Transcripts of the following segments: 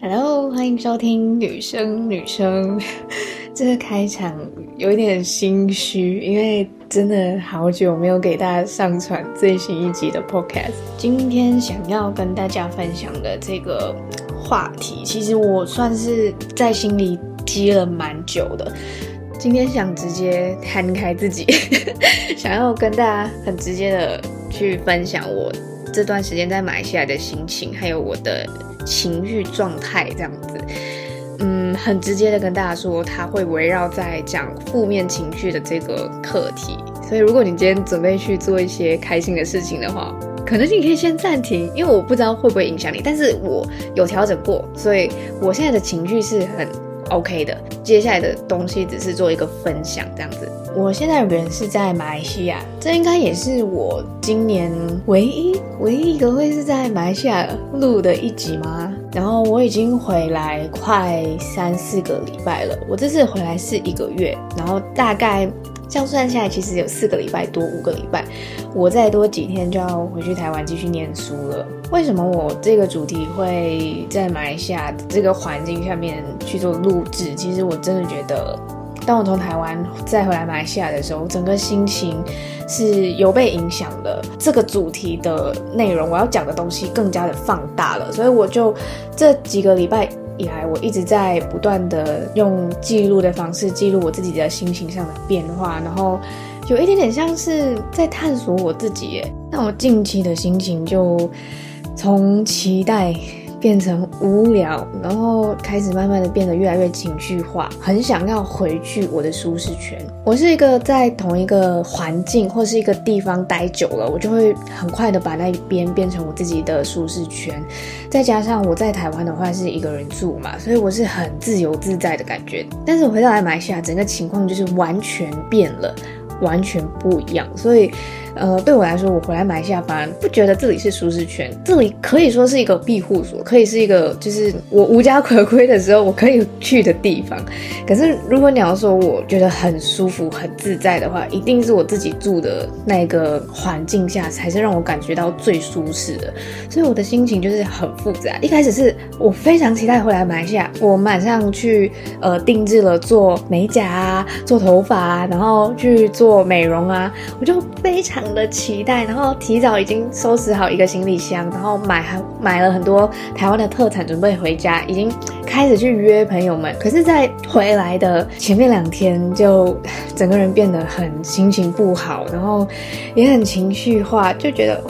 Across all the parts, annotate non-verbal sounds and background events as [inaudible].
Hello，歡迎收聽女生女生。這個開場有點心虛，因為真的好久沒有給大家上傳最新一集的 Podcast。今天想要跟大家分享的這個話題，其實我算是在心裡積了蠻久的。今天想直接攤開自己， [laughs] 想要跟大家很直接的去分享我這段時間在馬來西亞的心情，還有我的情緒狀態這樣子。嗯，很直接的跟大家說，它會圍繞在講負面情緒的這個課題。所以，如果你今天準備去做一些開心的事情的話，可能你可以先暫停，因為我不知道會不會影響你。但是我有調整過，所以我現在的情緒是很。OK 的，接下來的東西只是做一個分享這樣子。我現在人是在馬來西亞，這應該也是我今年唯一唯一一個會是在馬來西亞的錄的一集嗎？然後我已經回來快三四個禮拜了，我這次回來是一個月，然後大概這樣算下來，其實有四個禮拜多五個禮拜，我再多幾天就要回去台灣繼續念書了。為什麼我這個主題會在馬來西亞這個環境下面去做錄製？其實我真的覺得。當我從台灣再回來馬來西亞的時候，整個心情是有被影響的。這個主題的內容，我要講的東西更加的放大了。所以我就這幾個禮拜以來，我一直在不斷的用記錄的方式記錄我自己的心情上的變化，然後有一點點像是在探索我自己。耶，那我近期的心情就從期待。變成無聊，然後開始慢慢的變得越來越情緒化，很想要回去我的舒適圈。我是一個在同一個環境或是一個地方待久了，我就會很快的把那邊變成我自己的舒適圈。再加上我在台灣的話是一個人住嘛，所以我是很自由自在的感覺。但是我回到來馬來西亞，整個情況就是完全變了，完全不一樣。所以。呃，對我來說，我回來馬來西亞不覺得這裡是舒適圈，這裡可以說是一個庇護所，可以是一個，就是我無家可歸的時候，我可以去的地方。可是，如果你要說我覺得很舒服、很自在的話，一定是我自己住的那個環境下，才是讓我感覺到最舒適的。所以我的心情就是很複雜。一開始是我非常期待回來馬來西亞，我馬上去呃定製了做美甲啊，做頭髮啊，然後去做美容啊，我就非常的期待，然後提早已經收拾好一個行李箱，然後買還買了很多台灣的特產，準備回家，已經開始去約朋友們。可是，在回來的前面兩天，就整個人變得很心情不好，然後也很情緒化，就覺得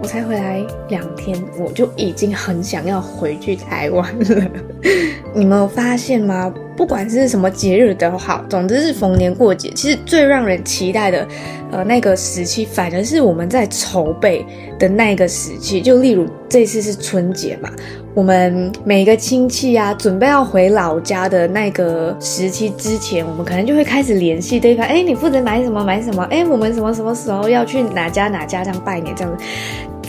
我才回來兩天，我就已經很想要回去台灣了。 [laughs] 你們有發現嗎？不管是什麼節日都好，總之是逢年過節。其實最讓人期待的，呃，那個時期反而是我們在籌備的那個時期。就例如這次是春節嘛，我們每個親戚啊，準備要回老家的那個時期之前，我們可能就會開始聯繫對方。哎，你負責買什麼買什麼？哎，我們什麼什麼時候要去哪家哪家這樣拜年這樣子。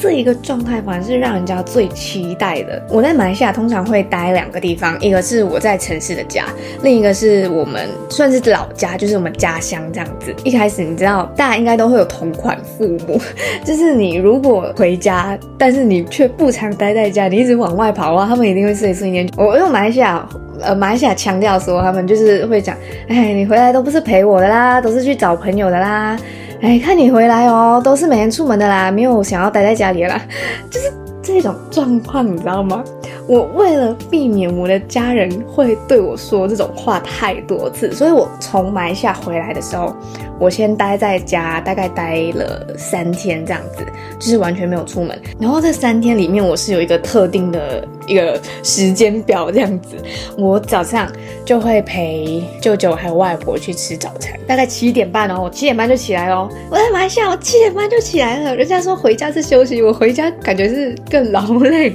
這一個狀態反而是讓人家最期待的。我在馬來西亞通常會待兩個地方，一個是我在城市的家，另一個是我們算是老家，就是我們家鄉這樣子。一開始你知道，大家應該都會有同款父母，就是你如果回家，但是你卻不常待在家，你一直往外跑啊，他們一定會說一句：“我用馬來西亞，呃，馬來西亞強調說他們就是會講，哎，你回來都不是陪我的啦，都是去找朋友的啦。”哎，看你回來哦，都是每天出門的啦，沒有想要待在家裡的啦。就是這種狀況，你知道嗎？我為了避免我的家人會對我說這種話太多次，所以我從馬來西亞回來的時候，我先待在家，大概待了三天這樣子，就是完全沒有出門。然後這三天裡面，我是有一個特定的一個時間表這樣子。我早上就會陪舅舅還有外婆去吃早餐，大概七點半哦、喔，我七點半就起來哦。我在馬來西亞，我七點半就起來了。人家說回家是休息，我回家感覺是更勞累。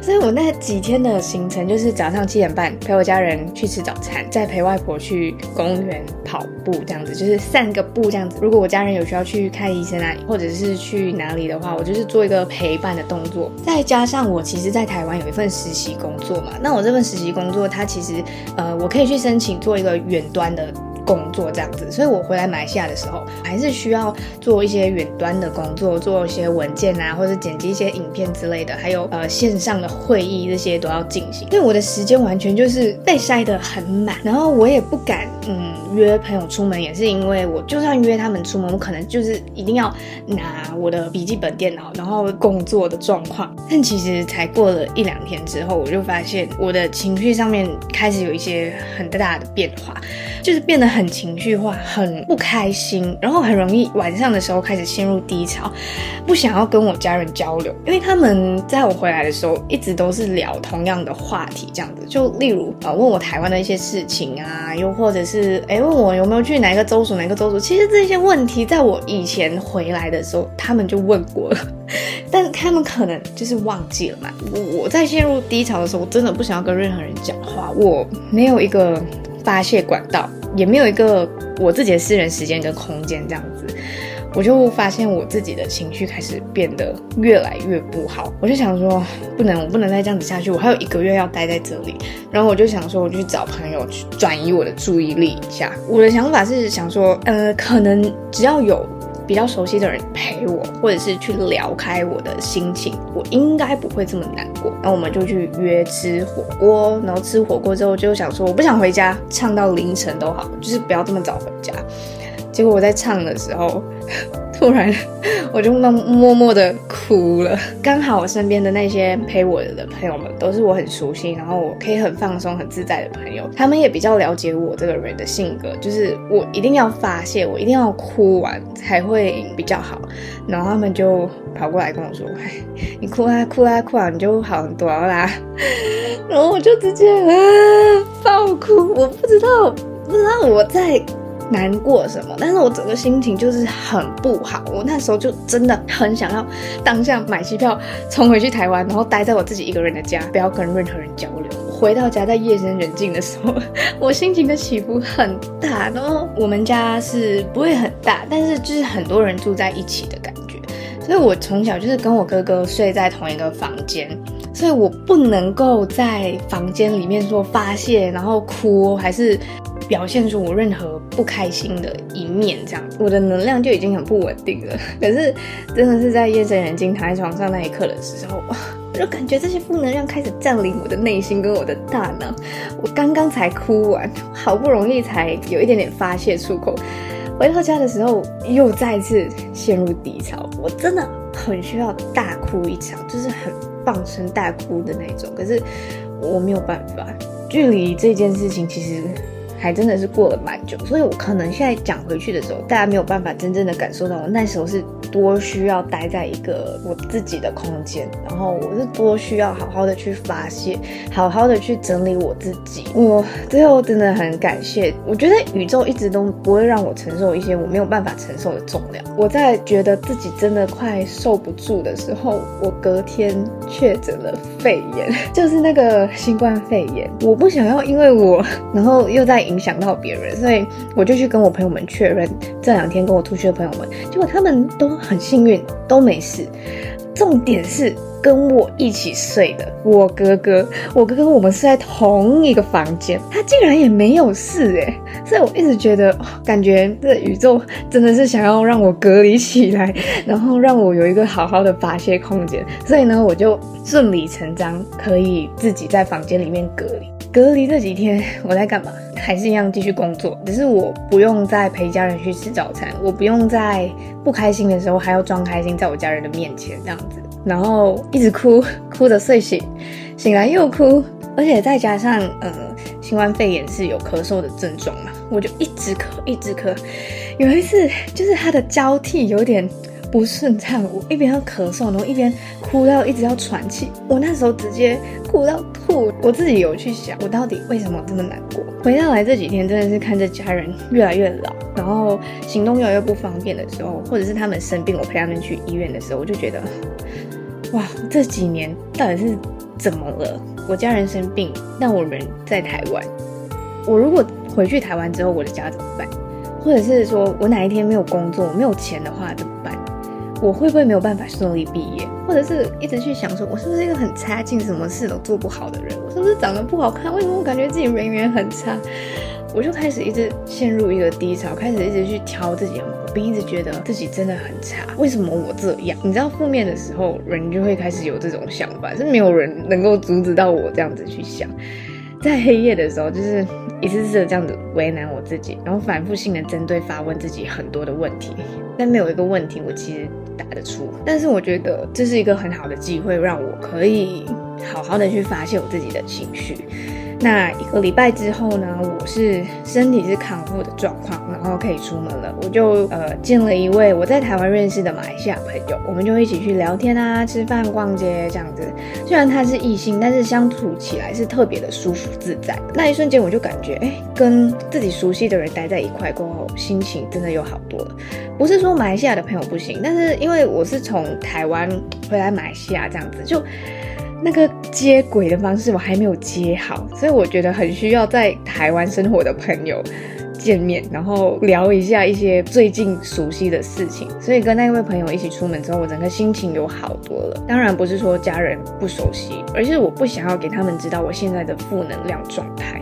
所以我那幾天的行程就是早上七點半陪我家人去吃早餐，再陪外婆去公園跑。這樣子就是散個步這樣子。如果我家人有需要去看醫生啊，或者是去哪裡的話，我就是做一個陪伴的動作。再加上我其實，在台灣有一份實習工作嘛，那我這份實習工作，它其實，呃，我可以去申請做一個遠端的。工作這樣子，所以我回來馬來西亞的時候，還是需要做一些遠端的工作，做一些文件啊，或者剪輯一些影片之類的，還有呃線上的會議，這些都要進行。因為我的時間完全就是被塞得很滿，然後我也不敢嗯約朋友出門，也是因為我就算約他們出門，我可能就是一定要拿我的筆記本電腦，然後工作的狀況。但其實才過了一兩天之後，我就發現我的情緒上面開始有一些很大的變化，就是變得很。很情緒化，很不開心，然後很容易晚上的時候開始陷入低潮，不想要跟我家人交流，因為他們在我回來的時候一直都是聊同樣的話題，這樣子，就例如啊、呃、問我台灣的一些事情啊，又或者是哎、欸、問我有沒有去哪個州屬哪個州屬，其實這些問題在我以前回來的時候他們就問過了，但他們可能就是忘記了嘛。我在陷入低潮的時候，我真的不想要跟任何人講話，我沒有一個發洩管道。也沒有一個我自己的私人時間跟空間這樣子，我就發現我自己的情緒開始變得越來越不好。我就想說，不能，我不能再這樣子下去。我還有一個月要待在這裡，然後我就想說，我就去找朋友去轉移我的注意力一下。我的想法是想說，呃，可能只要有。比較熟悉的人陪我，或者是去聊開我的心情，我應該不會這麼難過。那我們就去約吃火鍋，然後吃火鍋之後就想說，我不想回家，唱到凌晨都好，就是不要這麼早回家。結果我在唱的時候。突然，我就默默地哭了。剛好我身邊的那些陪我的，的朋友們，都是我很熟悉，然後我可以很放鬆、很自在的朋友。他們也比較了解我這個人的性格，就是我一定要發洩，我一定要哭完才會比較好。然後他們就跑過來跟我說你、啊：“你哭啊，哭啊，哭啊，你就好很多啦。啊”然後我就直接啊，爆哭！我不知道，不知道我在。難過什麼？但是我整個心情就是很不好。我那時候就真的很想要當下買機票衝回去台灣，然後待在我自己一個人的家，不要跟任何人交流。我回到家，在夜深人靜的時候，我心情的起伏很大。然後我們家是不會很大，但是就是很多人住在一起的感覺。所以我從小就是跟我哥哥睡在同一個房間，所以我不能夠在房間裡面說發泄，然後哭還是。表現出我任何不開心的一面，這樣我的能量就已經很不穩定了。可是，真的是在夜深人靜躺在床上那一刻的時候，我就感覺這些負能量開始占領我的內心跟我的大腦。我剛剛才哭完，好不容易才有一點點發洩出口，回到家的時候又再次陷入低潮。我真的很需要大哭一場，就是很放聲大哭的那種。可是我沒有辦法，距離這件事情其實。還真的是過了蠻久，所以我可能現在講回去的時候，大家沒有辦法真正的感受到我那時候是多需要待在一個我自己的空間，然後我是多需要好好的去發洩，好好的去整理我自己。我最後真的很感謝，我覺得宇宙一直都不會讓我承受一些我沒有辦法承受的重量。我在覺得自己真的快受不住的時候，我隔天確診了肺炎，就是那個新冠肺炎。我不想要因為我，然後又在。影響到別人，所以我就去跟我朋友們確認，這兩天跟我出去的朋友們，結果他們都很幸運，都沒事。重點是跟我一起睡的我哥哥，我哥哥我們是在同一個房間，他竟然也沒有事欸！所以我一直覺得，感覺這宇宙真的是想要讓我隔離起來，然後讓我有一個好好的發洩空間。所以呢，我就順理成章可以自己在房間裡面隔離。隔離這幾天我在幹嘛？還是一樣繼續工作，只是我不用再陪家人去吃早餐，我不用在不開心的時候還要裝開心，在我家人的面前這樣子，然後一直哭，哭着睡醒，醒來又哭，而且再加上，呃，新冠肺炎是有咳嗽的症狀嘛，我就一直咳，一直咳，有一次就是它的交替有點，不順暢，我一邊要咳嗽，然後一邊哭到一直要喘氣，我那時候直接哭到吐。我自己有去想，我到底為什麼這麼難過？回到來這幾天，真的是看着家人越來越老，然後行動越來越不方便的時候，或者是他們生病，我陪他們去醫院的時候，我就覺得，哇，這幾年到底是怎麼了？我家人生病，但我人在台灣，我如果回去台灣之後，我的家怎麼辦？或者是說我哪一天沒有工作、沒有錢的話，怎麼辦？我會不會沒有辦法順利畢業？或者是一直去想，說我是不是一個很差勁、什麼事都做不好的人？我是不是長得不好看？為什麼我感覺自己人緣很差？我就開始一直陷入一個低潮，開始一直去挑自己的毛病，一直覺得自己真的很差。為什麼我這樣？你知道，負面的時候，人就會開始有這種想法，是沒有人能夠阻止到我這樣子去想。在黑夜的時候，就是一次次的這樣子為難我自己，然後反覆性的針對發問自己很多的問題。但沒有一個問題，我其實。但是我覺得這是一個很好的機會，讓我可以好好的去發現我自己的情緒。那一個禮拜之後呢，我是身體是康復的狀況，然後可以出門了。我就呃見了一位我在台灣認識的馬來西亞朋友，我們就一起去聊天啊、吃飯、逛街這樣子。雖然他是異性，但是相處起來是特別的舒服自在的。那一瞬間我就感覺，哎，跟自己熟悉的人待在一塊過後，心情真的有好多了。不是說馬來西亞的朋友不行，但是因為我是從台灣回來馬來西亞這樣子就。那個接軌的方式我還沒有接好，所以我覺得很需要在台灣生活的朋友見面，然後聊一下一些最近熟悉的事情。所以跟那位朋友一起出門之後，我整個心情有好多了。當然不是說家人不熟悉，而是我不想要給他們知道我現在的負能量狀態。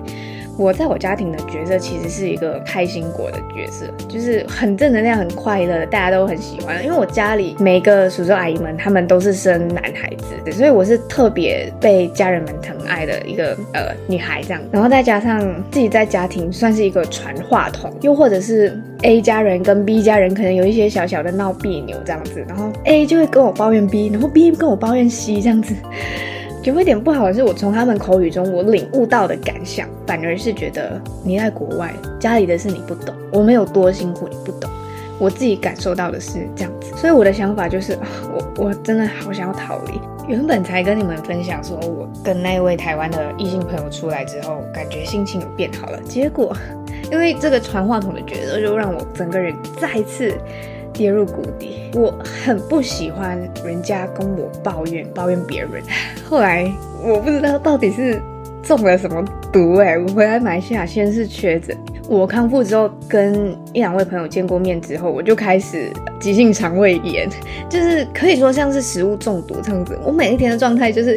我在我家庭的角色其實是一個開心果的角色，就是很正能量、很快樂，大家都很喜歡。因為我家裡每一個叔叔阿姨們，他們都是生男孩子，所以我是特別被家人們疼愛的一個呃女孩這樣。然後再加上自己在家庭算是一個傳話筒，又或者是 A 家人跟 B 家人可能有一些小小的鬧彆扭這樣子，然後 A 就會跟我抱怨 B，然後 B 跟我抱怨 C 這樣子。有一點不好的是我從他們口語中我領悟到的感想，反而是覺得你在國外，家裡的事你不懂，我們有多辛苦你不懂。我自己感受到的是這樣子，所以我的想法就是，我我真的好想要逃離。原本才跟你們分享說，我跟那位台灣的異性朋友出來之後，感覺心情變好了。結果因為這個傳話筒的角色，就讓我整個人再次。跌入谷底，我很不喜歡人家跟我抱怨，抱怨別人。後來我不知道到底是中了什麼毒哎、欸，我回來馬來西亞先是確診，我康復之後跟一兩位朋友見過面之後，我就開始急性腸胃炎，就是可以說像是食物中毒這樣子。我每一天的狀態就是。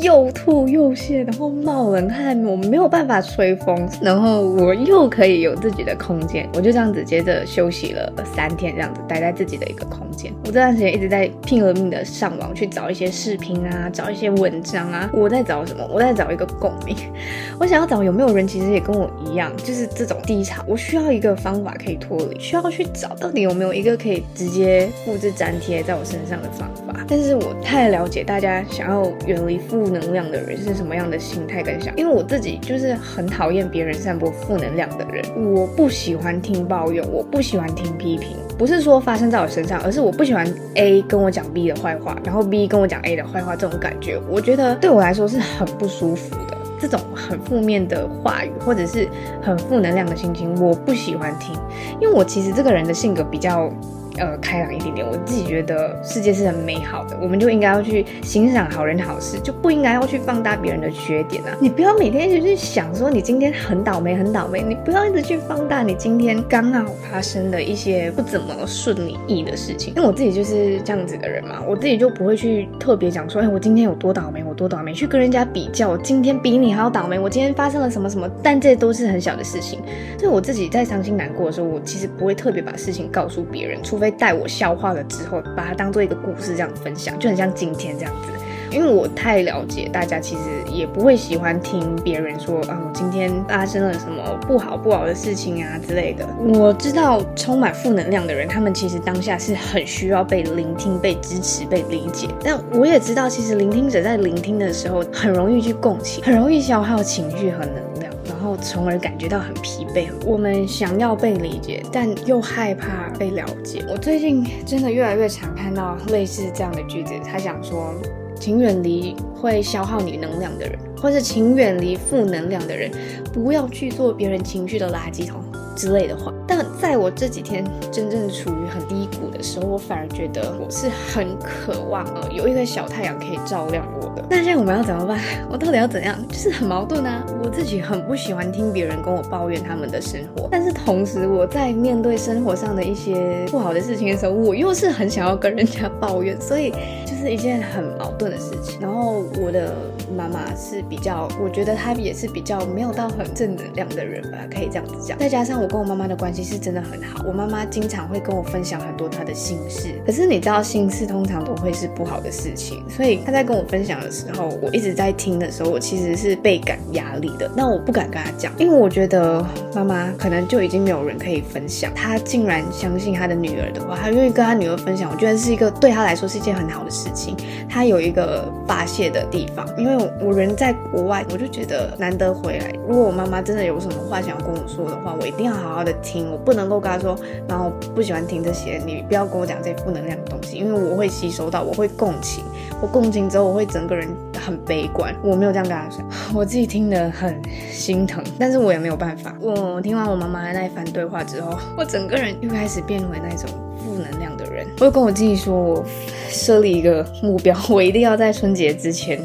又吐又瀉，然後冒冷汗，我沒有辦法吹風，然後我又可以有自己的空間，我就這樣子接着休息了三天，這樣子待在自己的一個空間。我這段時間一直在拼了命的上網去找一些視頻啊，找一些文章啊。我在找什麼？我在找一個共鳴。 [laughs] 我想要找有沒有人其實也跟我一樣，就是這種低潮。我需要一個方法可以脫離，需要去找到底有沒有一個可以直接複製粘貼在我身上的方法。但是我太了解大家想要遠離負。負能量的人是什麼樣的心態跟想？因為我自己就是很討厭別人散播負能量的人，我不喜歡聽抱怨，我不喜歡聽批評。不是說發生在我身上，而是我不喜歡 A 跟我講 B 的壞話，然後 B 跟我講 A 的壞話這種感覺，我覺得對我來說是很不舒服的。這種很負面的話語或者是很負能量的心情，我不喜歡聽，因為我其實這個人的性格比較。呃，開朗一點點，我自己覺得世界是很美好的，我們就應該要去欣賞好人好事，就不應該要去放大別人的缺點啊。你不要每天一直去想說你今天很倒霉，很倒霉，你不要一直去放大你今天剛好發生的一些不怎麼順你意的事情。因為我自己就是這樣子的人嘛，我自己就不會去特別講說，哎，我今天有多倒霉，我多倒霉，去跟人家比較，我今天比你還要倒霉，我今天發生了什麼什麼，但這都是很小的事情。所以我自己在傷心難過的時候，我其實不會特別把事情告訴別人，除非。帶我消化了之後，把它當做一個故事這樣分享，就很像今天這樣子。因為我太了解大家，其實也不會喜歡聽別人說啊，我、嗯、今天發生了什麼不好不好的事情啊之類的。我知道充滿負能量的人，他們其實當下是很需要被聆聽、被支持、被理解。但我也知道，其實聆聽者在聆聽的時候，很容易去共情，很容易消耗情緒和能力。然後，從而感覺到很疲憊。我們想要被理解，但又害怕被了解。我最近真的越來越常看到類似這樣的句子：他講說，請遠離會消耗你能量的人，或是請遠離負能量的人，不要去做別人情緒的垃圾桶之類的話。但在我這幾天真正處於很低谷的時候，我反而覺得我是很渴望啊，有一個小太陽可以照亮我的。那現在我們要怎麼辦？我到底要怎樣？就是很矛盾啊，我自己很不喜歡聽別人跟我抱怨他們的生活，但是同時我在面對生活上的一些不好的事情的時候，我又是很想要跟人家抱怨，所以就是一件很矛盾的事情。然後我的媽媽是比較，我覺得她也是比較沒有到很正能量的人吧，可以這樣子講。再加上我跟我媽媽的關係。其實真的很好，我媽媽經常會跟我分享很多她的心事。可是你知道，心事通常都會是不好的事情，所以她在跟我分享的時候，我一直在聽的時候，我其實是倍感壓力的。但我不敢跟她講，因為我覺得媽媽可能就已經沒有人可以分享。她竟然相信她的女兒的話，她願意跟她女兒分享，我覺得是一個對她來說是一件很好的事情。她有一個發洩的地方，因為我人在國外，我就覺得難得回來。如果我媽媽真的有什麼話想要跟我說的話，我一定要好好的聽。我不能夠跟他說，然後不喜歡聽這些，你不要跟我講這些負能量的東西，因為我會吸收到，我會共情，我共情之後，我會整個人很悲觀。我沒有這樣跟他說，我自己聽得很心疼，但是我也沒有辦法。我聽完我媽媽的那一番對話之後，我整個人又開始變回那種負能量的人。我又跟我自己說，我設立一個目標，我一定要在春節之前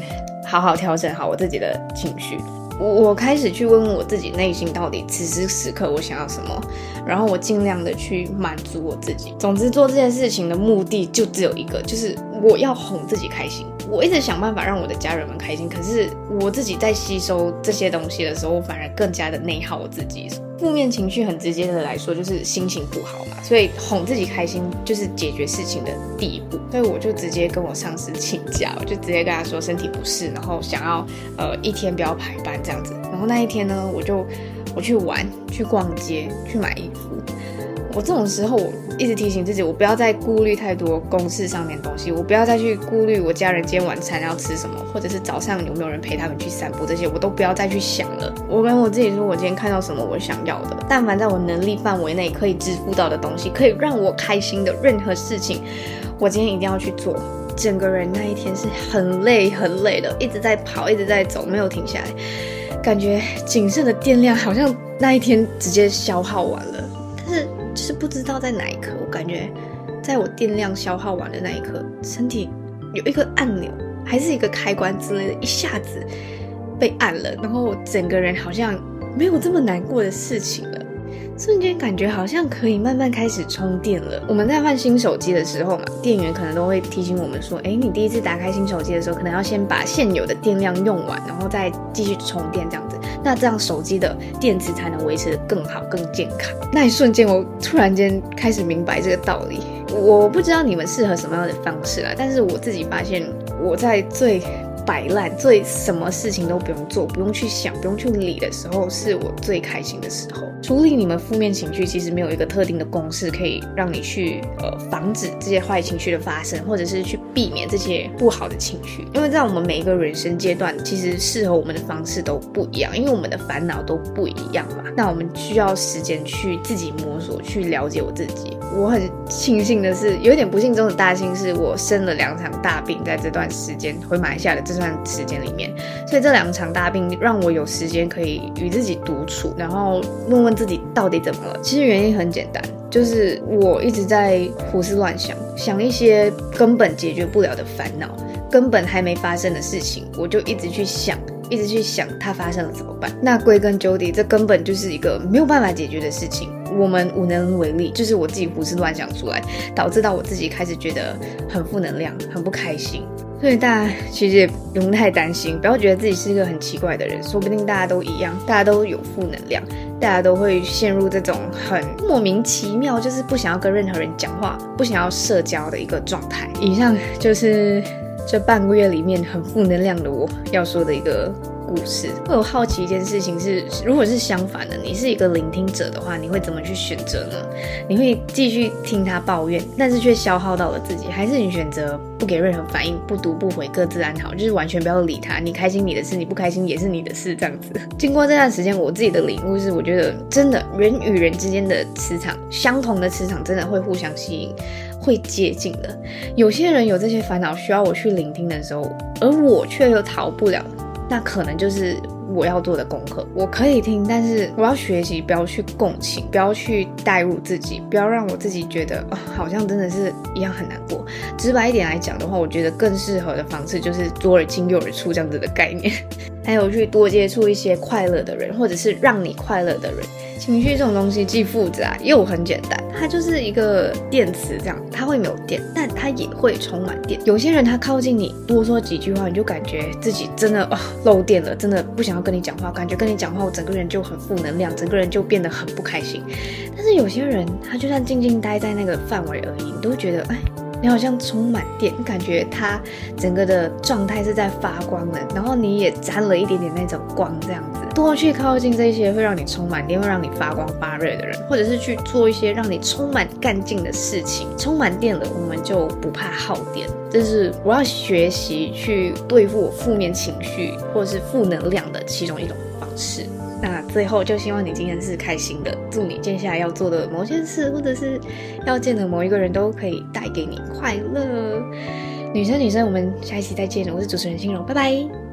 好好調整好我自己的情緒。我，我開始去問問我自己內心到底此時此刻我想要什麼，然後我盡量的去滿足我自己。總之做這件事情的目的就只有一個，就是我要哄自己開心。我一直想辦法讓我的家人們開心，可是我自己在吸收這些東西的時候，我反而更加的內耗我自己。負面情緒很直接的來說，就是心情不好嘛。所以哄自己開心就是解決事情的第一步。所以我就直接跟我上司請假，我就直接跟他說身體不適，然後想要呃一天不要排班這樣子。然後那一天呢，我就我去玩，去逛街，去買衣服。我這種時候，我一直提醒自己，我不要再顧慮太多公事上面東西，我不要再去顧慮我家人今天晚餐，要吃什麼，或者是早上有沒有人陪他們去散步這些，我都不要再去想了。我跟我自己說，我今天看到什麼我想要的，但凡在我能力範圍內可以支付到的東西，可以讓我開心的任何事情，我今天一定要去做。整個人那一天是很累很累的，一直在跑，一直在走，沒有停下來，感覺僅剩的電量好像那一天直接消耗完了。就是不知道在哪一刻，我感覺在我電量消耗完的那一刻，身體有一個按鈕，還是一個開關之類的，一下子被按了，然後我整個人好像沒有這麼難過的事情了，瞬間感覺好像可以慢慢開始充電了。我們在換新手機的時候嘛，店員可能都會提醒我們說，哎，你第一次打開新手機的時候，可能要先把現有的電量用完，然後再繼續充電這樣子。那這樣手機的電池才能維持得更好、更健康。那一瞬間，我突然間開始明白這個道理。我不知道你們適合什麼樣的方式啊，但是我自己發現，我在最擺爛，所以什麼事情都不用做，不用去想，不用去理的時候，是我最開心的時候。處理你們負面情緒，其實沒有一個特定的公式可以讓你去呃防止這些壞情緒的發生，或者是去避免這些不好的情緒。因為在我們每一個人生階段，其實適合我們的方式都不一樣，因為我們的煩惱都不一樣嘛。那我們需要時間去自己摸索，去了解我自己。我很慶幸的是，有一點不幸中的大幸是我生了兩場大病，在這段時間，回馬來西亞的這段時間裡面，所以這兩場大病讓我有時間可以與自己獨處，然後問問自己到底怎麼了。其實原因很簡單，就是我一直在胡思亂想，想一些根本解決不了的煩惱，根本還沒發生的事情，我就一直去想。一直去想它發生了怎麼辦？那歸根究底，這根本就是一個沒有辦法解決的事情，我們無能為力。就是我自己胡思亂想出來，導致到我自己開始覺得很負能量，很不開心。所以大家其實也不用太擔心，不要覺得自己是一個很奇怪的人，說不定大家都一樣，大家都有負能量，大家都會陷入這種很莫名其妙，就是不想要跟任何人講話，不想要社交的一個狀態。以上就是。這半個月裡面很負能量的，我要說的一個故事，我有好奇一件事情是，如果是相反的，你是一個聆聽者的話，你會怎麼去選擇呢？你會繼續聽他抱怨，但是卻消耗到了自己，還是你選擇不給任何反應，不讀不回，各自安好，就是完全不要理他。你開心你的事，你不開心也是你的事，這樣子。經過這段時間，我自己的領悟是，我覺得真的人與人之間的磁場，相同的磁場真的會互相吸引，會接近的。有些人有這些煩惱需要我去聆聽的時候，而我卻又逃不了。那可能就是我要做的功課，我可以聽，但是我要學習，不要去共情，不要去帶入自己，不要讓我自己覺得啊、呃，好像真的是一樣很難過。直白一點來講的話，我覺得更適合的方式就是左耳進右耳出這樣子的概念，還有去多接觸一些快樂的人，或者是讓你快樂的人。情緒這種東西既複雜又很簡單，它就是一個電池這樣，它會沒有電，但它也會充滿電。有些人他靠近你，多說幾句話，你就感覺自己真的哦漏電了，真的不想要跟你講話，感覺跟你講話我整個人就很負能量，整個人就變得很不開心。但是有些人他就算靜靜待在那個範圍而已，你都覺得哎，你好像充滿電，你感覺他整個的狀態是在發光的，然後你也沾了一點點那種光這樣子。多去靠近這些會讓你充滿電、會讓你發光發熱的人，或者是去做一些讓你充滿幹勁的事情。充滿電了，我們就不怕耗電。這是我要學習去對付我負面情緒或者是負能量的其中一種方式。那最後就希望你今天是開心的，祝你接下來要做的某件事，或者是要見的某一個人都可以帶給你快樂。女生，女生，我們下一期再見。我是主持人欣榮，拜拜。